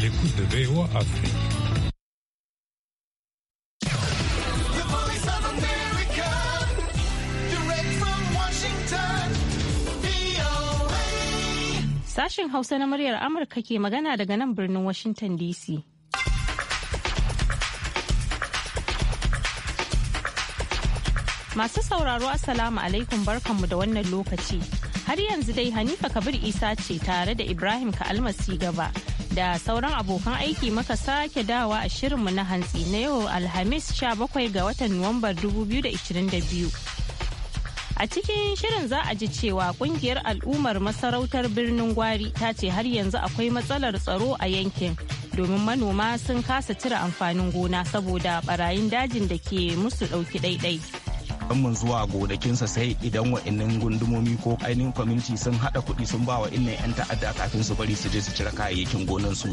l'écoute de VOA Afrique. Sashen Hausa na muryar Amurka ke magana daga nan birnin Washington DC. Masu sauraro Assalamu alaikum barkanmu da wannan lokaci. Har yanzu dai Hanifa Kabir Isa ce tare da Ibrahim Ka'almasi gaba. da sauran abokan aiki maka sake dawa a shirinmu na hantsi na yau alhamis 17 ga watan nuwambar 2022 a cikin shirin za a ji cewa kungiyar al'ummar masarautar birnin gwari ta ce har yanzu akwai matsalar tsaro a yankin domin manoma sun kasa cire amfanin gona saboda barayin dajin da ke musu ɗauki ɗaiɗai. musamman zuwa gonakinsa sai idan wa'annan gundumomi ko ainihin kwaminti sun haɗa kuɗi sun ba wa innan 'yan ta'adda kafin su bari su je su cire kayayyakin gonansu.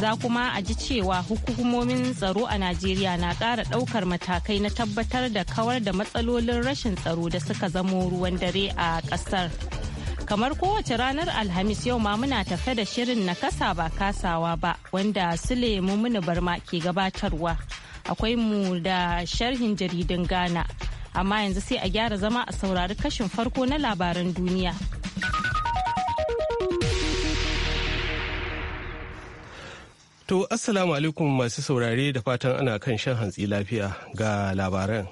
Za kuma a ji cewa hukumomin tsaro a Najeriya na ƙara ɗaukar matakai na tabbatar da kawar da matsalolin rashin tsaro da suka zamo ruwan dare a ƙasar. kamar kowace ranar alhamis yau ma muna tafe da shirin na kasa ba kasawa ba wanda sule mumuni barma ke gabatarwa akwai mu da sharhin jaridun Ghana. Amma yanzu sai a gyara zama a saurari kashin farko na labaran duniya. To, Assalamu alaikum masu saurare da fatan ana kan shan hantsi lafiya ga labaran.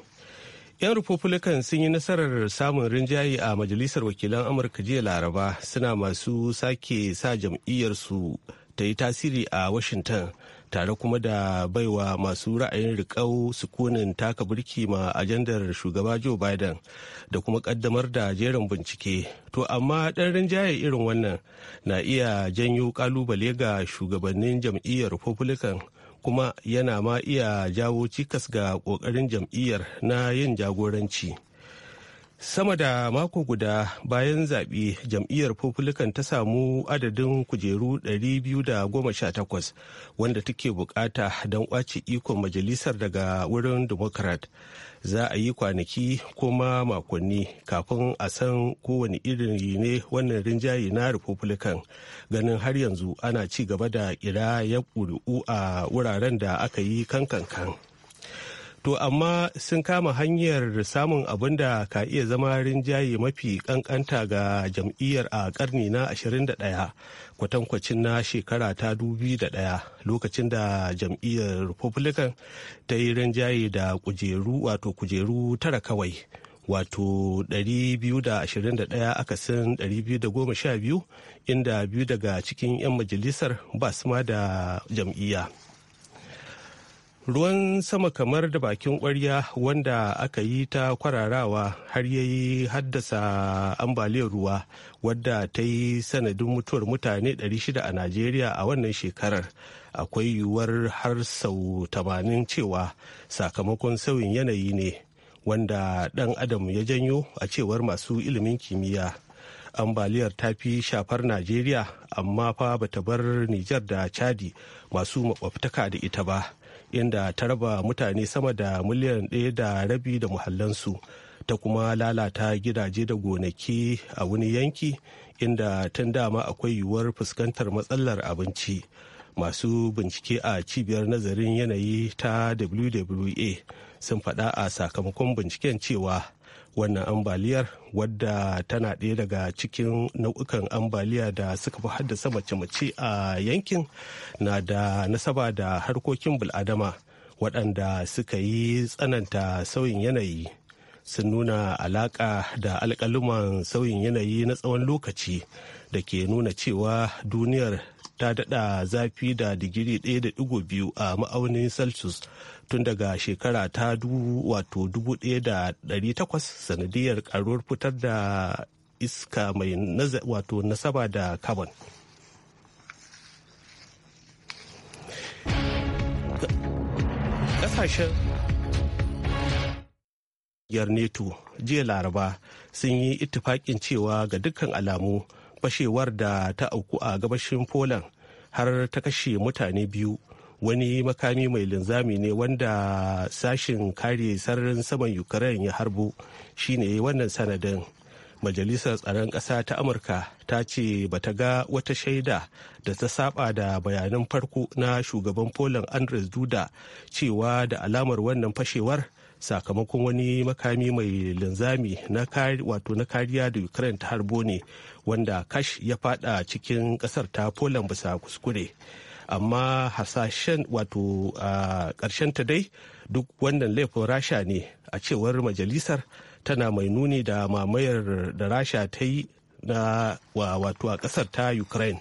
'yan republican sun yi nasarar samun rinjaye a majalisar wakilan amurka jiya laraba suna masu sake sa jam'iyyarsu ta yi tasiri a washington tare kuma da baiwa masu ra'ayin riƙau sukunin taka birki ma ajandar shugaba joe biden da kuma ƙaddamar da jerin bincike to amma ɗan rinjaye irin wannan na iya janyo ƙalubale ga shugabannin jam'iyyar republican kuma yana ma iya jawo cikas ga ƙoƙarin jam'iyyar na yin jagoranci. sama da mako guda bayan zaɓe jam'iyyar Republican ta samu adadin kujeru 218 wanda take bukata don ƙwace ikon majalisar daga wurin democrat za a yi kwanaki kuma makonni kafin a san kowane irin ne wannan rinjaye na republican ganin har yanzu ana ci gaba da ƙira ya ƙuri'u a wuraren da aka yi kankankan. kan to amma sun kama hanyar samun abin da ka iya zama rinjaye mafi kankanta ga jam'iyyar a karni na 21 kwatankwacin na shekara ta 2001 lokacin da jam'iyyar republican ta yi rinjaye da kujeru wato kujeru tara kawai wato 221 akasin 212 inda biyu daga cikin 'yan majalisar ba su ma da jam'iyya. ruwan sama kamar da bakin kwarya wanda aka yi ta kwararawa har ya yi haddasa ambaliyar ruwa wadda ta yi sanadin mutuwar mutane 600 a najeriya a wannan shekarar akwai yiwuwar har sau 80 cewa sakamakon sauyin yanayi ne wanda dan adam ya janyo a cewar masu ilimin kimiyya ambaliyar ta fi shafar najeriya amma fa bata bar nijar da chadi masu makwabtaka da ita ba inda ta raba mutane sama da miliyan ɗaya da rabi da muhallansu ta kuma lalata gidaje da gonaki a wani yanki inda tun dama akwai yiwuwar fuskantar matsalar abinci masu bincike a cibiyar nazarin yanayi ta wwa sun faɗa a sakamakon binciken cewa wannan ambaliyar wadda tana ɗaya daga cikin nau'ukan ambaliya da suka fi haddasa mace-mace a yankin na da nasaba da harkokin bul'adama waɗanda suka yi tsananta sauyin yanayi sun nuna alaƙa da alƙaluman sauyin yanayi na tsawon lokaci da ke nuna cewa duniyar ta daɗa zafi da digiri 1.2 a ma'aunin celsius tun daga shekara ta wato dubu ɗaya da ɗari takwas sanadiyar karuwar fitar da iska mai wato nasaba da carbon. Ƙasashen yar neto jiya laraba sun yi ittifakin cewa ga dukkan alamu fashewar da ta auku a gabashin poland har ta kashe mutane biyu wani makami mai linzami ne wanda sashin kare sararin saman ukraine ya harbo shine wannan sanadin majalisar tsaron ƙasa ta amurka ta ce ba ta ga wata shaida da ta saba da bayanan farko na shugaban poland andres duda cewa da alamar wannan fashewar sakamakon wani makami mai linzami na wato na kariya da ukraine ta harbo ne wanda kash ya fada cikin kasar ta poland bisa kuskure amma hasashen wato ƙarshen ta dai duk wannan laifin rasha ne a cewar majalisar tana mai nuni da mamayar da rasha ta yi na wato a ƙasar ta ukraine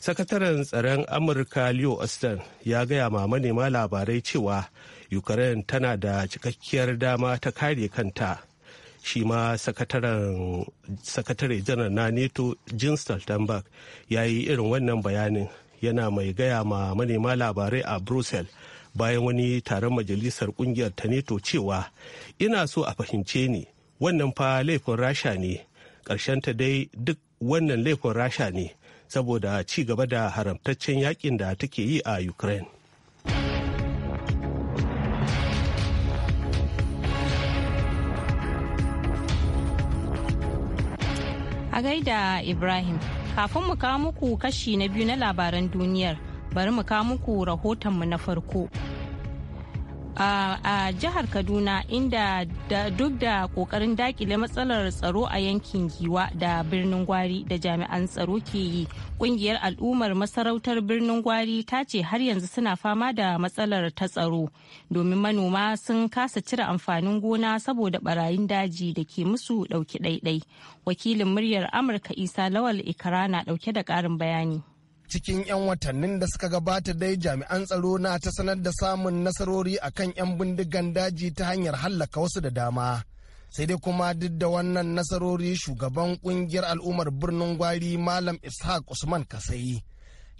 sakataren tsaron amurka leo austin ya gaya ma manema labarai cewa ukraine tana da cikakkiyar dama ta kare kanta shi ma sakatare janar na neto jean stoltenberg ya yi irin wannan bayanin yana mai gaya ma manema labarai a brussels bayan wani taron majalisar kungiyar ta neto cewa ina so a fahimce ni wannan fa laifin rasha ne ta dai duk wannan laifin rasha ne saboda ci gaba da haramtaccen yakin da take yi a ukraine a gaida ibrahim Kafin mu kawo muku kashi na biyu na labaran duniyar, bari mu kawo muku rahotonmu na farko. a jihar kaduna inda duk da kokarin dakile matsalar tsaro a yankin giwa da birnin gwari da jami'an tsaro ke yi kungiyar al'ummar masarautar birnin gwari ta ce har yanzu suna fama da matsalar ta tsaro domin manoma sun kasa cire amfanin gona saboda barayin daji da ke musu dauki daidai wakilin muryar amurka isa lawal ikara na dauke da karin bayani cikin 'yan watannin da suka gabata dai jami'an tsaro na ta sanar da samun nasarori a kan 'yan bindigan daji ta hanyar hallaka wasu da dama sai dai kuma duk da wannan nasarori shugaban kungiyar al'ummar birnin gwari malam ishaq usman kasai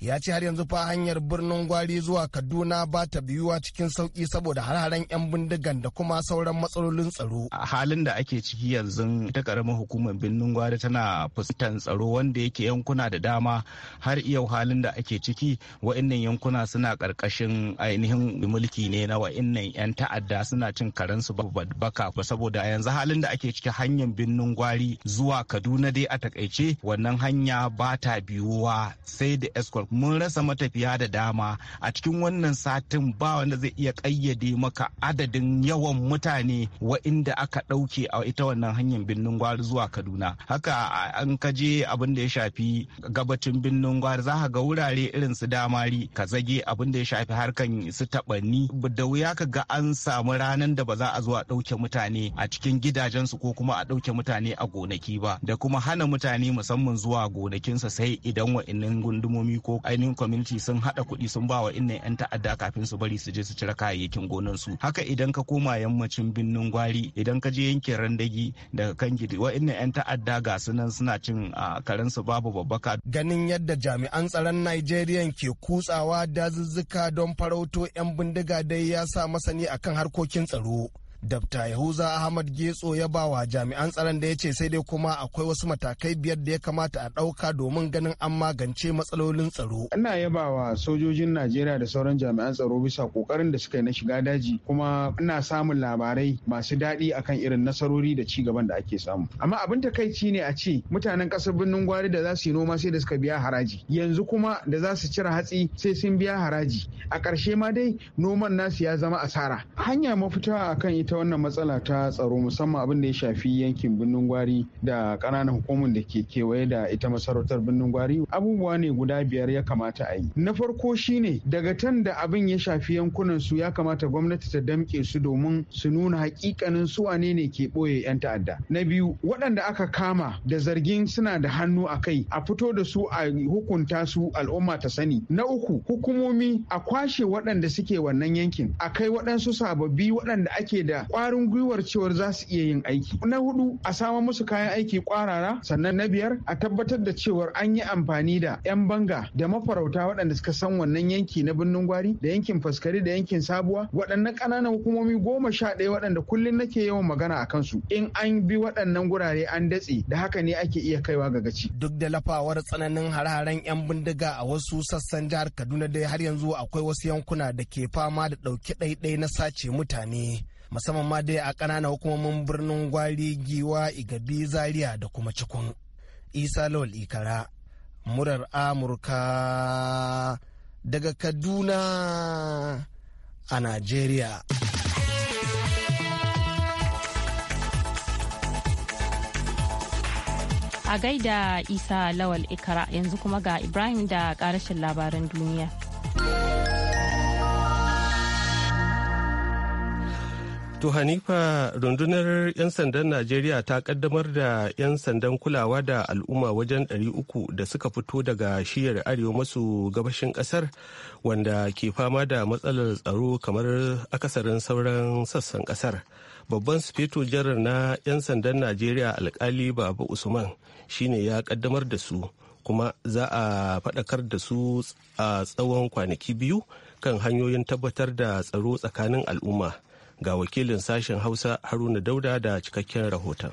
ya ce har yanzu fa hanyar birnin gwari zuwa kaduna ba ta biyuwa cikin sauki saboda hararen 'yan bindigan da kuma sauran matsalolin tsaro a halin da ake ciki yanzu ta karamin hukumar birnin gwari tana fuskantar tsaro wanda yake yankuna da dama har yau halin da ake ciki wa'annan yankuna suna karkashin ainihin mulki ne na wa'annan 'yan ta'adda suna cin karensu baka saboda yanzu halin da ake ciki hanyar birnin gwari zuwa kaduna dai a takaice wannan hanya ba ta biyuwa sai da escort mun rasa matafiya da dama a cikin wannan satin ba wanda zai iya ƙayyade maka adadin yawan mutane wa'inda aka ɗauke a ita wannan hanyar birnin gwari zuwa kaduna haka an kaje abin da ya shafi gabacin birnin gwari za ka ga wurare irin su damari ka zage abin da ya shafi harkan su taɓanni da wuya ka ga an samu ranar da ba za a zo a ɗauke mutane a cikin gidajensu ko kuma a ɗauke mutane a gonaki ba da kuma hana mutane musamman zuwa gonakinsa sai idan wa'innan gundumomi ko ainihin community sun hada kuɗi sun ba wa inna 'yan ta'adda kafin su bari su je su cire kayayyakin gonan su haka idan ka koma yammacin binnin gwari idan ka je yankin randagi daga kan gidi wa inna 'yan ta'adda ga su nan suna cin karen su babu babbaka ganin yadda jami'an tsaron Najeriya ke kutsawa dazuzzuka don farauto 'yan bindiga dai ya sa masani akan harkokin tsaro Dabta Yahuza Ahmad Getso ya ba wa jami'an tsaron da ya ce sai dai kuma akwai wasu matakai biyar da ya kamata a ɗauka domin ganin an magance matsalolin tsaro. Ana yaba wa sojojin Najeriya da sauran jami'an tsaro bisa ƙoƙarin da suka yi na shiga daji kuma ina samun labarai masu daɗi akan irin nasarori da ci gaban da ake samu. Amma abin takaici ne a ce mutanen ƙasar birnin gwari da za su yi noma sai da suka biya haraji. Yanzu kuma da za su cire hatsi sai sun biya haraji. A ƙarshe ma dai noman nasu ya zama asara. Hanya mafita akan ita ita wannan matsala ta tsaro musamman abin da ya shafi yankin birnin gwari da ƙananan hukumar da ke kewaye da ita masarautar birnin gwari abubuwa ne guda biyar ya kamata a yi na farko shine daga tan da abin ya shafi yankunan su ya kamata gwamnati ta damƙe su domin su nuna hakikanin su wane ne ke ɓoye 'yan ta'adda na biyu waɗanda aka kama da zargin suna da hannu a kai a fito da su a hukunta su al'umma ta sani na uku hukumomi a kwashe waɗanda suke wannan yankin a kai waɗansu sababbi waɗanda ake da da kwarin gwiwar cewar za su iya yin aiki na hudu a samar musu kayan aiki kwarara sannan na biyar a tabbatar da cewar an yi amfani da 'yan banga da mafarauta waɗanda suka san wannan yanki na birnin gwari da yankin faskari da yankin sabuwa waɗannan ƙananan hukumomi goma sha ɗaya waɗanda kullum nake yawan magana a kansu in an bi waɗannan gurare an datse da haka ne ake iya kaiwa ga gaci. Duk da lafawar tsananin har-haren 'yan bindiga a wasu sassan jihar Kaduna dai har yanzu akwai wasu yankuna da ke fama da ɗauki ɗaiɗai na sace mutane. musamman ma dai a ƙananan hukumomin birnin gwari giwa igabi zaria da kuma cikun isa lawal ikara murar amurka daga kaduna a nigeria. a gaida isa lawal ikara yanzu kuma ga ibrahim da karashin labaran duniya. To Hanifa rundunar 'yan sandan Najeriya ta kaddamar da 'yan sandan kulawa da al'umma wajen 300 da suka fito daga shiyar arewa masu gabashin kasar wanda ke fama da matsalar tsaro kamar akasarin sauran sassan kasar. Babban sufeto jarar na 'yan sandan Najeriya alkali Baba Usman shine ya kaddamar da su kuma za a faɗakar da su a tsawon kwanaki biyu kan hanyoyin tabbatar da tsaro tsakanin al'umma. ga wakilin sashen hausa haruna dauda da cikakken rahoton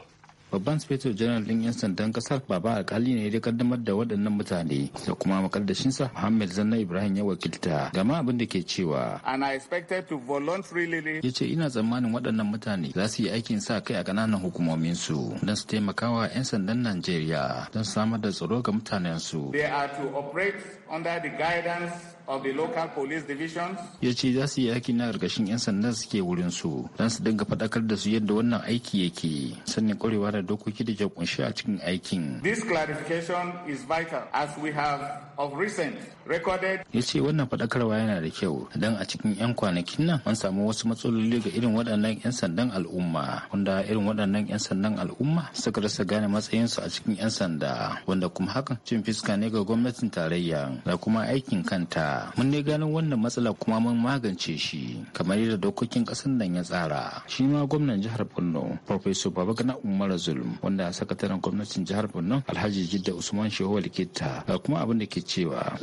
babban sufeto janar din yan sandan kasar baba alkali ne da kaddamar da waɗannan mutane da kuma makaddashinsa muhammad zanna ibrahim ya wakilta gama abin da ke cewa Ana expected to voluntarily ce ina tsammanin waɗannan mutane za su yi aikin sa kai a kananan hukumomin su don su taimakawa yan sandan najeriya don samar da tsaro ga mutanen su they are to operate under the guidance of the local police divisions. Ya ce za su yi aiki na ƙarƙashin 'yan sanda suke wurin su don su dinga faɗakar da su yadda wannan aiki yake sannan ƙwarewa da dokoki da ke kunshi a cikin aikin. This clarification is vital as we have of recent recorded. Ya ce wannan faɗakarwa yana da kyau don a cikin 'yan kwanakin nan an samu wasu matsaloli ga irin waɗannan 'yan sandan al'umma wanda irin waɗannan 'yan sandan al'umma suka rasa gane matsayinsu a cikin 'yan sanda wanda kuma hakan cin fiska ne ga gwamnatin tarayya da kuma aikin kanta. mun ne ganin wannan matsala kuma mun magance shi kamar yadda dokokin ƙasar nan ya tsara shi ma gwamnan jihar borno professor gana umar zulum wanda sakataren gwamnatin jihar borno alhaji jidda usman shehu likita kuma abin da ke cewa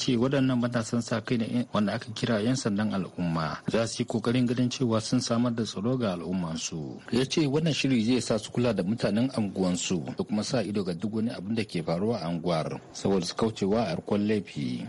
ce waɗannan matasan sa kai ne eh, wanda aka kira 'yan sandan al'umma za su yi kokarin ganin cewa sun samar da tsaro ga al'ummansu ya ce wannan shiri zai sa su kula da mutanen anguwansu da kuma sa ido ga duk wani abin da ke faruwa a anguwar saboda su kaucewa a harkar laifi.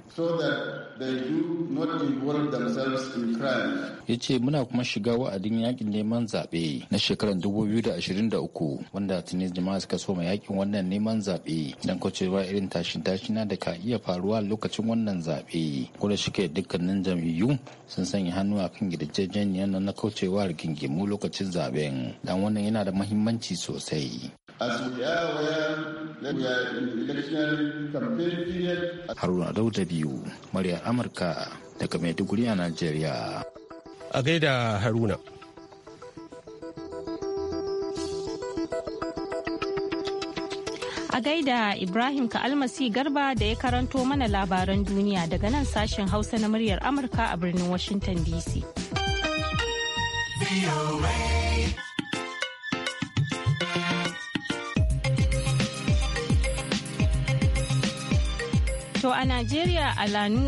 Ya ce muna kuma shiga wa'adin yakin neman zaɓe na shekarar 2023 wanda tuni jama'a suka soma yakin wannan neman zaɓe don kaucewa irin tashin tashina da ka iya faruwa lokacin wannan zaɓe. Kuma shike dukkanin jam'iyyu sun sanya hannu a kan gidajen na kaucewa rigingimu lokacin zaɓen. Dan wannan yana da mahimmanci sosai. Haruna Dauda biyu, murya Amurka daga Maiduguri a Najeriya. A gaida Haruna. A gaida Ibrahim Ka'almasi Garba da ya karanto mana labaran duniya daga nan sashen Hausa na muryar Amurka a birnin Washington DC. To a Najeriya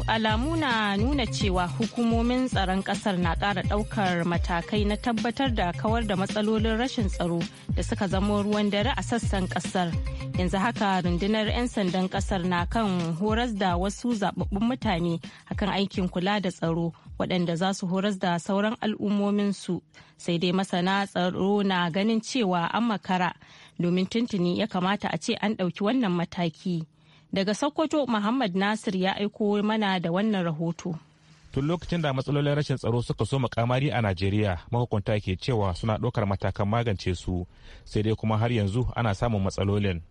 alamu na nuna cewa hukumomin tsaron kasar na ƙara ɗaukar matakai na tabbatar da kawar da matsalolin rashin tsaro da suka zama ruwan dare a sassan kasar. Yanzu haka rundunar 'yan sandan kasar na kan horas da wasu zababbun mutane akan aikin kula da tsaro waɗanda za su horas da sauran al'ummominsu. Sai dai masana tsaro na ganin cewa an makara domin tuntuni ya kamata a ce an ɗauki wannan mataki. Daga Sokoto Muhammad Nasir ya aiko mana da wannan rahoto. Tun lokacin da matsalolin rashin tsaro suka so makamari a Najeriya, mahukunta ke cewa suna ɗaukar matakan magance su, sai dai kuma har yanzu ana samun matsalolin.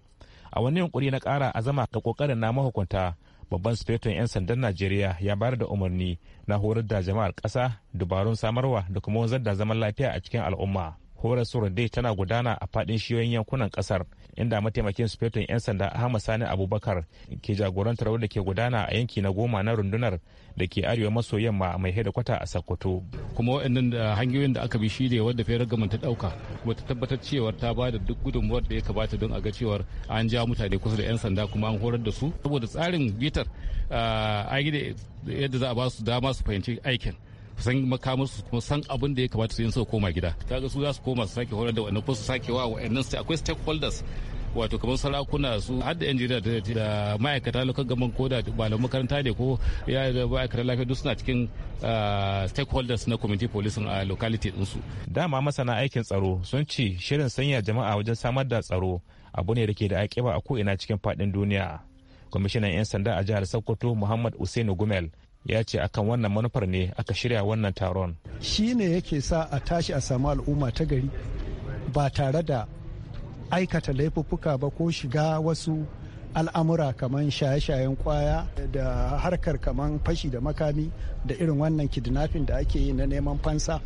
A wani yunkuri na ƙara azama ga ƙoƙarin na mahukunta, babban sufetin 'yan sandan Najeriya ya bayar da umarni na horar da jama'ar ƙasa dubarun samarwa da kuma wanzar da zaman lafiya a cikin al'umma. horaswar dai tana gudana a fadin shiyoyin yankunan kasar inda mataimakin sufetun 'yan sanda ahmad sani abubakar ke jagorantar wadda ke gudana a yanki na goma na rundunar da ke arewa maso yamma mai kwata a sokoto kuma waɗannan hanyoyin da aka bi shi ne wadda fayar gaman ta ɗauka kuma ta tabbatar cewar ta ba da duk gudunmuwar da ya kabata don a ga cewar an ja mutane kusa da 'yan sanda kuma an horar da su saboda tsarin bitar ah, a yadda za a ba su dama su fahimci aikin san makamar su kuma san abin da ya kamata su yi su koma gida kaga su za su koma su sake horar da wannan ko su sake wa wa'annan sai akwai stakeholders wato kamar sarakuna su har da injiniya da ma'aikata lokacin gaban koda da makaranta ne ko ya da ma'aikatan lafiya duk suna cikin ah, stakeholders na community policing a locality din su. dama masana aikin tsaro sun ce shirin sanya jama'a wajen samar da tsaro abu ne da ke da aƙiba a ko ina cikin fadin duniya kwamishinan 'yan sanda a jihar sokoto muhammad usainu gumel ya ce akan wannan manufar ne aka shirya wannan taron shi ne yake sa a tashi a samu al'umma ta gari ba tare da aikata laifuffuka ba ko shiga wasu al'amura kamar shaye-shayen kwaya da harkar kamar fashi da makami da irin wannan kidnapping da ake yi na neman fansa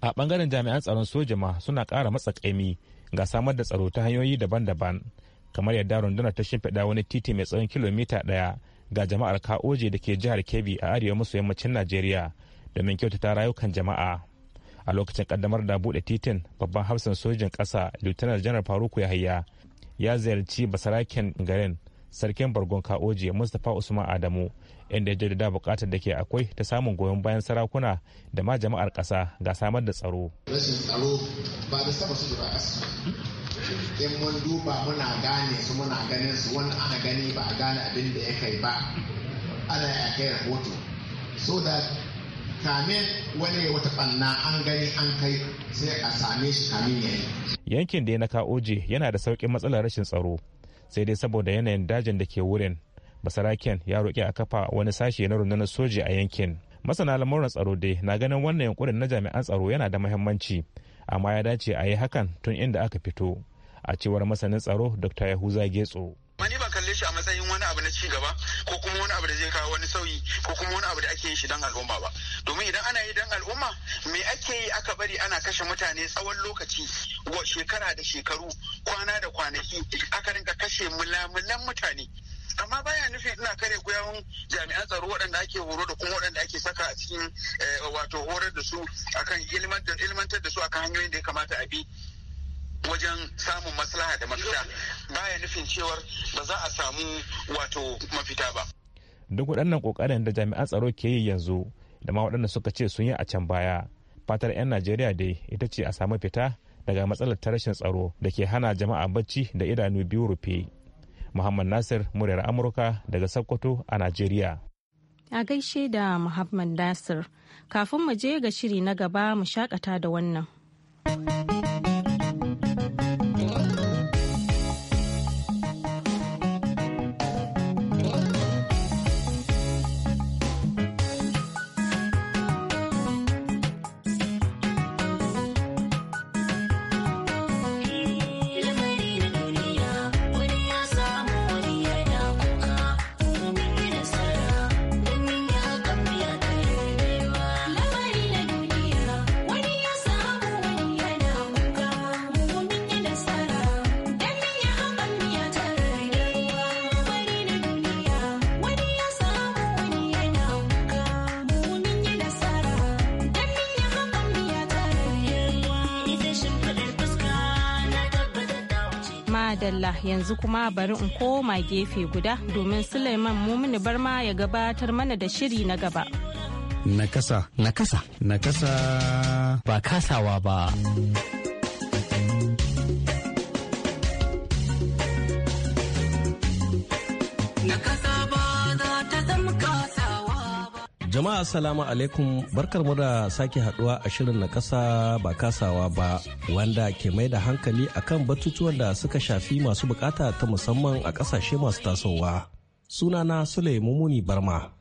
a bangaren jami'an tsaron soja ma suna kara matsa kaimi ga samar da tsaro ta hanyoyi daban-daban kamar yadda rundunar ta shimfiɗa wani titi mai tsawon kilomita ɗaya ga jama'ar Kaoje da ke jihar Kebbi a arewa maso yammacin Najeriya domin kyautata rayukan jama'a. A lokacin kaddamar da buɗe titin babban hafsan sojin ƙasa Lieutenant Janar Faruku Yahaya ya ziyarci basaraken garin sarkin bargon Kaoje Mustapha Usman Adamu inda ya jaddada bukatar da ke akwai ta samun goyon bayan sarakuna da ma jama'ar ƙasa ga samar da tsaro. Rashin tsaro ba da saba su in mun duba muna gane su muna ganin su wani ana gani ba a gane abin da ya kai ba ana ya kai rahoto so da kamin wani wata banna an gani an kai sai a same shi kamin yi yankin da na kaoje yana da saukin matsalar rashin tsaro sai dai saboda yanayin dajin da ke wurin basaraken ya roƙi a kafa wani sashe na rundunar soji a yankin masana lamuran tsaro dai na ganin wannan yankurin na jami'an tsaro yana da muhimmanci amma ya dace a yi hakan tun inda aka fito a cewar masanin tsaro dr yahuza getso mani ba kalle shi a matsayin wani abu na ci gaba ko kuma wani abu da zai kawo wani sauyi ko kuma wani abu da ake yin shi dan al'umma ba domin idan ana yi dan al'umma me ake yi aka bari ana kashe mutane tsawon lokaci wa shekara da shekaru kwana da kwanaki aka rinka kashe mulamulan mutane amma baya nufin ina kare goyon jami'an tsaro waɗanda ake horo da kuma waɗanda ake saka a cikin eh, wato horar da su akan ilmantar da su akan hanyoyin da ya kamata a bi wajen samun maslaha da mafita baya nufin cewar ba za a samu wato mafita ba duk waɗannan kokarin da jami'an tsaro ke yi yanzu da ma waɗanda suka ce sun yi a can baya fatar 'yan najeriya da ita ce a samu fita daga matsalar ta rashin tsaro da ke hana jama'a bacci da idanu biyu rufe Muhammad Nasir muryar Amurka daga Sokoto a Najeriya. A gaishe da Muhammad Nasir, kafin mu je ga shiri na gaba mu shakata da wannan. dalla yanzu kuma bari in koma gefe guda domin Suleiman Mumini Barma ya gabatar mana da shiri na gaba. Nakasa. Nakasa. Nakasa. Ba kasawa ba. Jama'a alaikum barkar mu da sake haduwa a shirin na kasa ba kasawa ba wanda ke mai da hankali kan batutuwan da suka shafi masu bukata ta musamman a kasashe masu tasowa. Sunana suleimu muni Barma.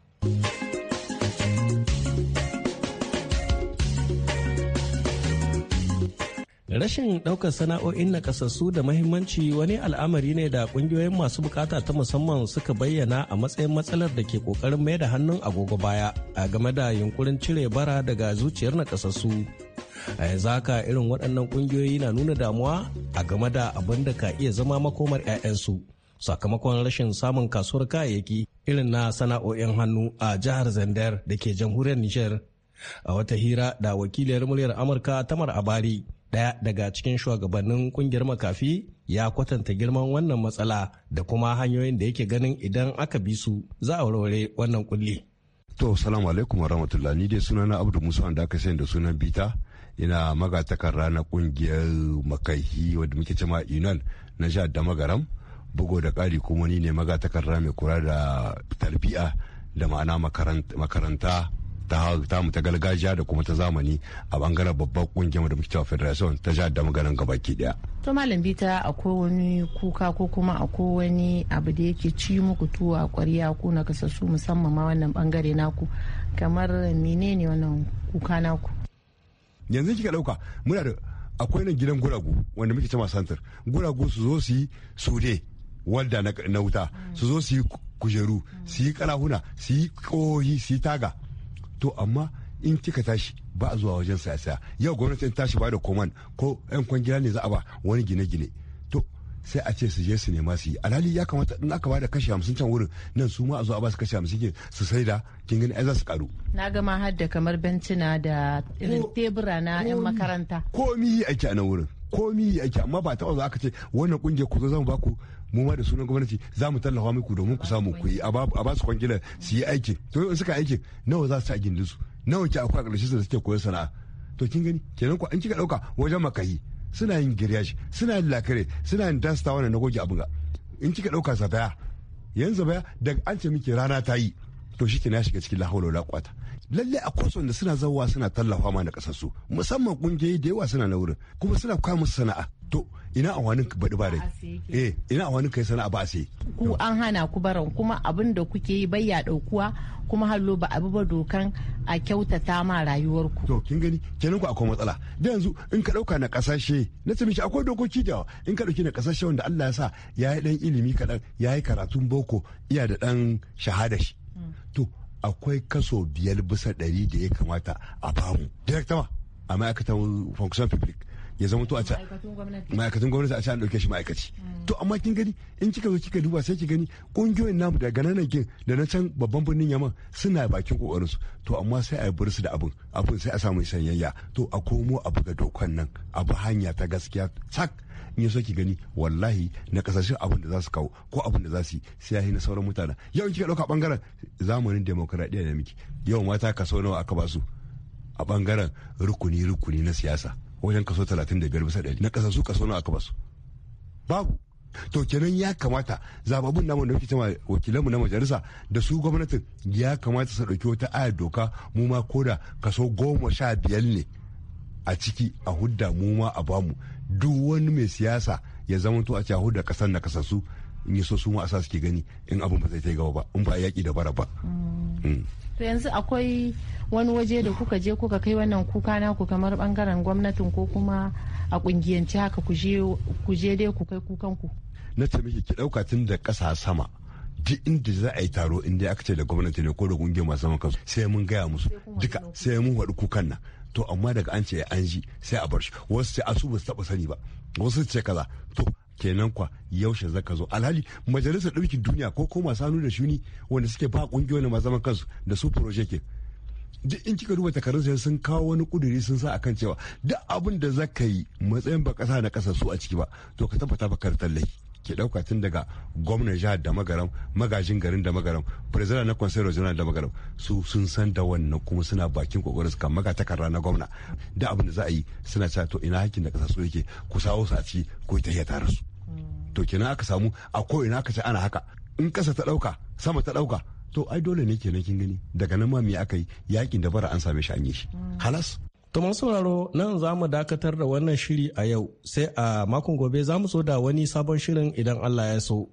Rashin ɗaukar sana'o'in nakasassu da mahimmanci wani al'amari ne da ƙungiyoyin masu bukata ta musamman suka bayyana a matsayin matsalar da ke ƙoƙarin mai da hannun agogo baya a game da yunkurin cire bara daga zuciyar nakasassu. A yanzu haka irin waɗannan ƙungiyoyi na nuna damuwa a game da abin da ka iya zama makomar 'ya'yansu sakamakon rashin samun kasuwar kayayyaki irin na sana'o'in hannu a jihar Zandar da ke jamhuriyar Nijar. A wata hira da wakiliyar muryar Amurka Tamar Abari ɗaya daga cikin shugabannin kungiyar makafi ya kwatanta girman wannan matsala da kuma hanyoyin da yake ganin idan aka bi su za a warware wannan kulli. To, salamu alaikum wa rahmatullah ni dai sunana Abdu Musa wanda aka sayar da sunan Bita ina magatakar rana kungiyar makahi wadda muke cema Inan na sha da magaram bugu da ƙari kuma ni ne magatakar mai kura da tarbiya da ma'ana makaranta ta tamu ta gargajiya da kuma ta zamani a bangaren babban kungiyar da muke cewa federation ta jihar da maganin gabaki daya to malam bita akwai wani kuka ko kuma akwai wani abu da yake ci muku a kwarya ku na kasassu musamman ma wannan bangare naku kamar menene wannan kuka naku yanzu kika dauka muna da akwai nan gidan guragu wanda muke cewa santar guragu su zo su yi sude wanda na wuta su zo su yi kujeru su yi karahuna su yi kohi su yi taga to amma in kika tashi ba a zuwa wajen saya yau gwamnati in tashi ba da koman ko yan kwangila ne za a ba wani gine-gine to sai a ce su je su nema su yi alhali ya kamata in aka ba da kashi hamsin can wurin nan su ma a zuwa ba su kashi hamsin ke su sai da kin gani ai za su karu na ga ma har da kamar bencina da irin tebura na yan makaranta komi yi aiki a nan wurin komi ya ake amma ba taɓa za ka ce wannan kungiyar ku zo zan ba ku mu ma da sunan gwamnati za mu tallafa muku domin ku samu ku yi a ba su kwangilar su yi aikin to in suka aikin nawa za su ta gindin su nawa ke akwai a ƙarshe da suke koyar sana'a to kin gani kenan ku an kika ɗauka wajen makahi suna yin giryashi suna yin lakare suna yin dasta wannan na goge abin ga in kika ɗauka zabaya yanzu baya daga an ce miki rana ta yi to shi ya shiga cikin lahawar wala lalle a kwaso da suna zawa suna tallafa ma na kasarsu musamman kungiyoyi da yawa suna na wurin kuma suna kawo musu sana'a to ina a wani baɗi ba dai eh ina a wani kai sana'a ba sai ku an hana ku baran kuma abin da kuke yi bayya ɗaukuwa kuma hallo ba abu ba dokan a kyautata ma rayuwar ku to kin gani kenan ku akwai matsala da yanzu in ka ɗauka na kasashe na ce miki akwai dokoki da in ka ɗauki na kasashe wanda Allah ya sa yayi dan ilimi kaɗan yayi karatun boko iya da dan shahada shi akwai kaso biyar bisa ɗari da ya kamata a bamu ma a ma'aikatan function public ya zama to a ce ma'aikatan gwamnati a ce an shi ma'aikaci to amma kin gani in kika zo kika duba sai ki gani ƙungiyoyin namu da gananan kin da na can babban birnin yaman suna bakin kokarin su to amma sai a bar su da abin abin sai a samu sanyayya to a komo a buga dokan nan abu hanya ta gaskiya sak in so ki gani wallahi na kasashen abin da za su kawo ko abin da za su yi sai ya yi na sauran mutanen yau in kika dauka bangaren zamanin demokuraɗiyya ne miki yau mata kaso nawa aka ba su a bangaren rukuni rukuni na siyasa wajen kaso talatin da biyar bisa ɗari na kasa su kaso nawa aka ba su babu to kenan ya kamata zababun namu da cewa wakilanmu na majalisa da su gwamnatin ya kamata su ɗauki wata ayar doka mu ma koda kaso goma sha biyar ne a ciki a hudda mu ma a bamu duk wani mai siyasa ya zama to a cahu da kasar na kasasu in yi so su ma suke gani in abin ba zai gaba ba in ba yaƙi da bara ba. Mm. Mm. to yanzu akwai wani waje da kuka je kuka kai wannan kuka naku kamar bangaren gwamnatin ko kuma a kungiyance haka ku je dai ku kai kukan ku na ce miki ki ɗauka tun da ƙasa sama duk inda za a yi taro inda aka ce da gwamnati ne ko da kungiyar masu zaman kansu sai mun gaya musu duka sai mun faɗi kukan nan to amma daga an ce an ji sai a bar shi wasu ce asu ba su taba sani ba wasu ce kaza to kenan kwa yaushe zaka zo alhali majalisar ɗaukin duniya ko ko masu hannu da shuni wanda suke ba kungiyoyi masu zaman kansu da su proje ke duk in kika duba takarar sai sun kawo wani kuduri sun sa akan cewa duk abin da zaka yi matsayin ba kasa na kasa su a ciki ba to ka tabbata ba kar laifi ke dauka tun daga gwamnan jihar da magaram magajin garin da magaram president na conseil regional da magaram su sun san da wannan kuma suna bakin kokarin su kan maka takarda na gwamna da abin da za a yi suna cewa to ina hakkin da kasa so yake ku sawo su a ci ko ta iya tare su hmm. to kenan aka samu a ko ina aka ce ana haka in kasa ta dauka sama ta dauka to ai dole ne kenan kin gani daga nan ma me aka yi yakin da bara an same shi an yi shi hmm. halas Tumar sauraro nan za mu dakatar da wannan shiri a yau sai a makon gobe za mu so da wani sabon shirin idan Allah ya so.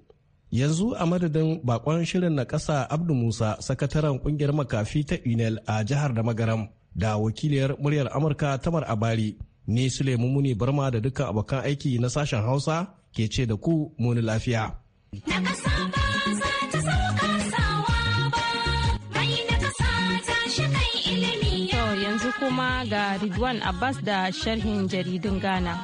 Yanzu a madadin bakon shirin na ƙasa Abdu Musa sakataren kungiyar makafi ta UNEL a jihar da magaram da wakiliyar muryar Amurka Tamar Abari ni Suleiman Muni Barma da dukkan abokan aiki na sashen Hausa ke ce da ku muni lafiya. Na kuma ga Ridwan Abbas da sharhin jaridun Ghana.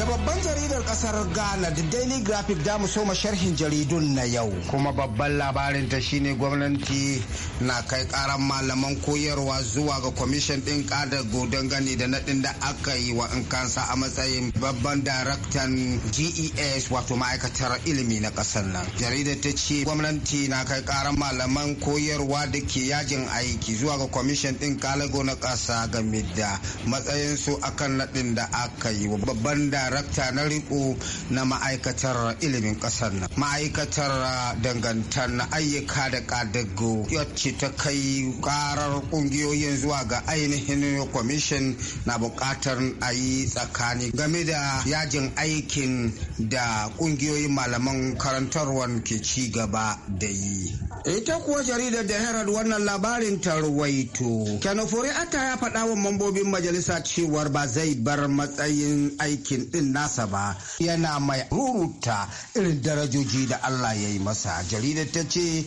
Da babban jaridar kasar Ghana da Daily Graphic da mu soma sharhin jaridun na yau. Kuma babban labarin ta shine gwamnati na kai karan malaman koyarwa zuwa ga kwamishin ɗin ƙada godon gani da naɗin da aka yi wa in kansa a matsayin babban daraktan GES wato ma'aikatar ilimi na kasar nan. Jaridar ta ce gwamnati na kai karan malaman koyarwa da ke yajin aiki zuwa ga kwamishin ɗin kalago na ƙasa game da matsayinsu akan naɗin da aka yi wa babban daraktan darakta na riko na ma'aikatar ilimin kasar nan ma'aikatar ah, dangantar na ayyuka da kadago yacce ta kai karar kungiyoyin zuwa ga ainihin kwamishin na bukatar a yi tsakani game da yajin aikin da kungiyoyin malaman karantarwar ke ci gaba da yi Ita kuwa jaridar da Herald wannan labarin ta ruwaito. Kyanofori Atta ya faɗa wa mambobin majalisa cewar ba zai bar matsayin aikin ɗin nasa ba. Yana mai ruruta irin darajoji da Allah ya yi masa. Jaridar ta ce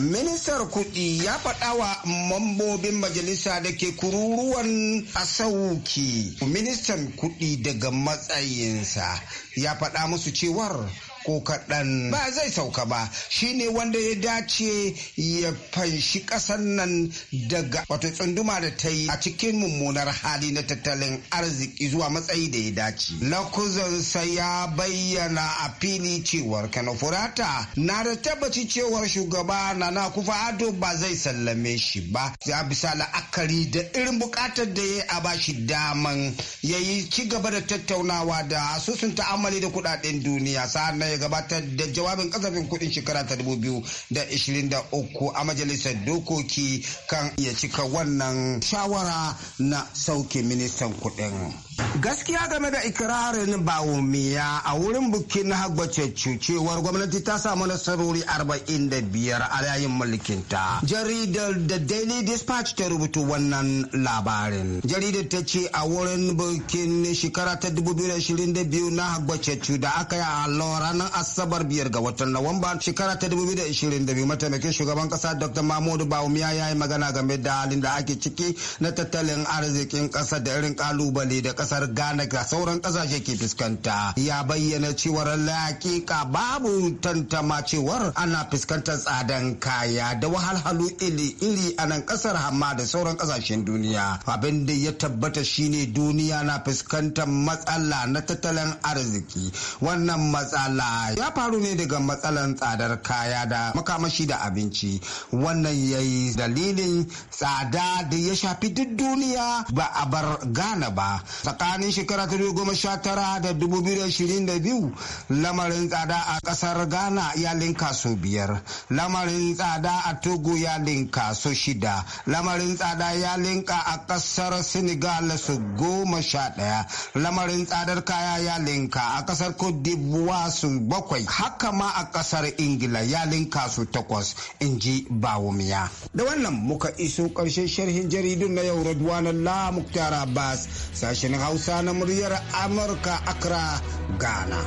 ministar kuɗi ya faɗa wa mambobin majalisa da ke kururuwan a sauki. Ministan kuɗi daga matsayinsa ya faɗa musu cewar ko kaɗan ba zai sauka ba shi ne wanda ya dace ya fanshi ƙasar nan daga wato tsunduma da ta yi a cikin mummunar hali na tattalin arziki zuwa matsayi da ya dace lakuzansa ya bayyana a fili cewar kanafurata na da tabbaci cewar shugaba nana kufa ado ba zai sallame shi ba ya bisa la'akari da irin buƙatar da ya a bashi daman ya yi ci gaba da tattaunawa da asusun ta'amali da kuɗaɗen duniya sa'an ya gabatar da jawabin kasafin kuɗin shekara ta dubu biyu da ishirin da uku a majalisar dokoki kan iya cika wannan shawara na sauke ministan kuɗin. gaskiya game da ikirarin bawumiya a wurin bukin hagwaceccu cewar gwamnati ta samu nasarori 45 a yayin mulkinta jaridar da daily dispatch ta rubutu wannan labarin jaridar ta ce a wurin bukin shekara ta 2022 na hagwaceccu da aka yi a ranar asabar biyar ga watan nawamba shekara ta 2022 mataimakin shugaban kasa dr mahmudu bawumiya ya yi magana game da halin da ake ciki na tattalin arzikin kasa da irin kalubale da kasa kasar ghana ga sauran kasashe ke fuskanta ya bayyana cewar laƙiƙa babu tantama cewar ana fuskantar tsadan kaya da wahalhalu iri-iri a nan kasar hamma da sauran kasashen duniya abin da ya tabbata shine duniya na fuskantar matsala na tattalin arziki wannan matsala ya faru ne daga matsalan tsadar kaya da makamashi da abinci wannan ya yi dalilin tsada da ya shafi duk duniya ba a bar gana ba tsakanin shekara ta goma sha tara da dubu biyu da da biyu lamarin tsada a kasar ghana ya linka so biyar lamarin tsada a togo ya linka so shida lamarin tsada ya linka a kasar senegal so goma sha daya lamarin tsadar kaya ya linka a kasar cote d'ivoire so bakwai haka ma a kasar ingila ya linka su takwas in ji bawumiya da wannan muka iso karshen sharhin jaridun na yau raduwa na lamuk abbas sashen Hausa na muryar Amurka Accra, Ghana.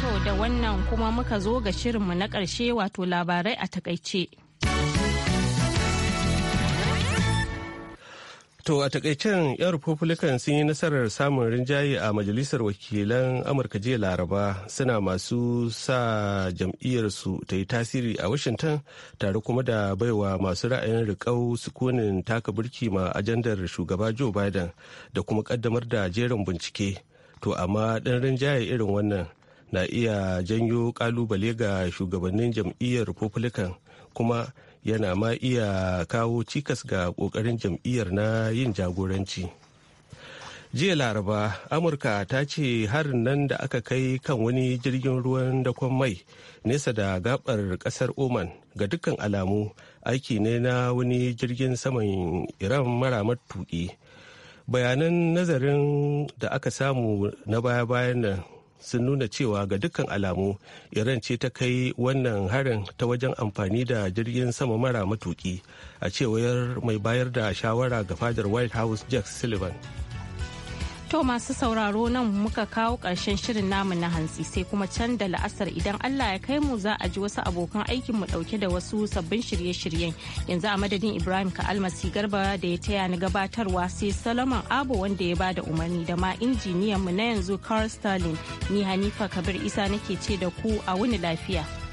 To da wannan kuma muka zo ga shirinmu na ƙarshe wato labarai a takaice. To a takaicen 'yan Republican sun yi nasarar samun rinjaye a Majalisar Wakilan Amurka jiya Laraba suna masu sa jam'iyyarsu ta yi tasiri a Washington tare kuma da baiwa masu ra'ayin riƙau sukunin taka burki ma ajandar shugaba Joe Biden da kuma kaddamar da jerin bincike. To amma ɗan rinjaye irin wannan na iya janyo ƙalubale ga shugabannin jam'iyyar Republican kuma yana ma iya kawo cikas ga ƙoƙarin jam'iyyar na yin jagoranci jiya laraba amurka ta ce harin nan da aka kai kan wani jirgin ruwan dakon mai nesa da gabar kasar oman ga dukkan alamu aiki ne na wani jirgin saman iran mara tuki bayanan nazarin da aka samu na baya-bayan nan sun nuna cewa ga dukkan alamu iran ce ta kai wannan harin ta wajen amfani da jirgin sama mara matuki a cewar mai bayar da shawara ga fadar white house jack sullivan To masu sauraro nan muka kawo ƙarshen shirin namu na hantsi sai kuma can da la'asar idan Allah ya kai mu za a ji wasu abokan aikin mu ɗauke da wasu sabbin shirye-shiryen yanzu a madadin Ibrahim ka almasi garba da ya taya ni gabatarwa sai Solomon Abo wanda ya bada umarni da ma injiniyan mu na yanzu Carl Sterling ni Hanifa Kabir Isa nake ce da ku a wuni lafiya.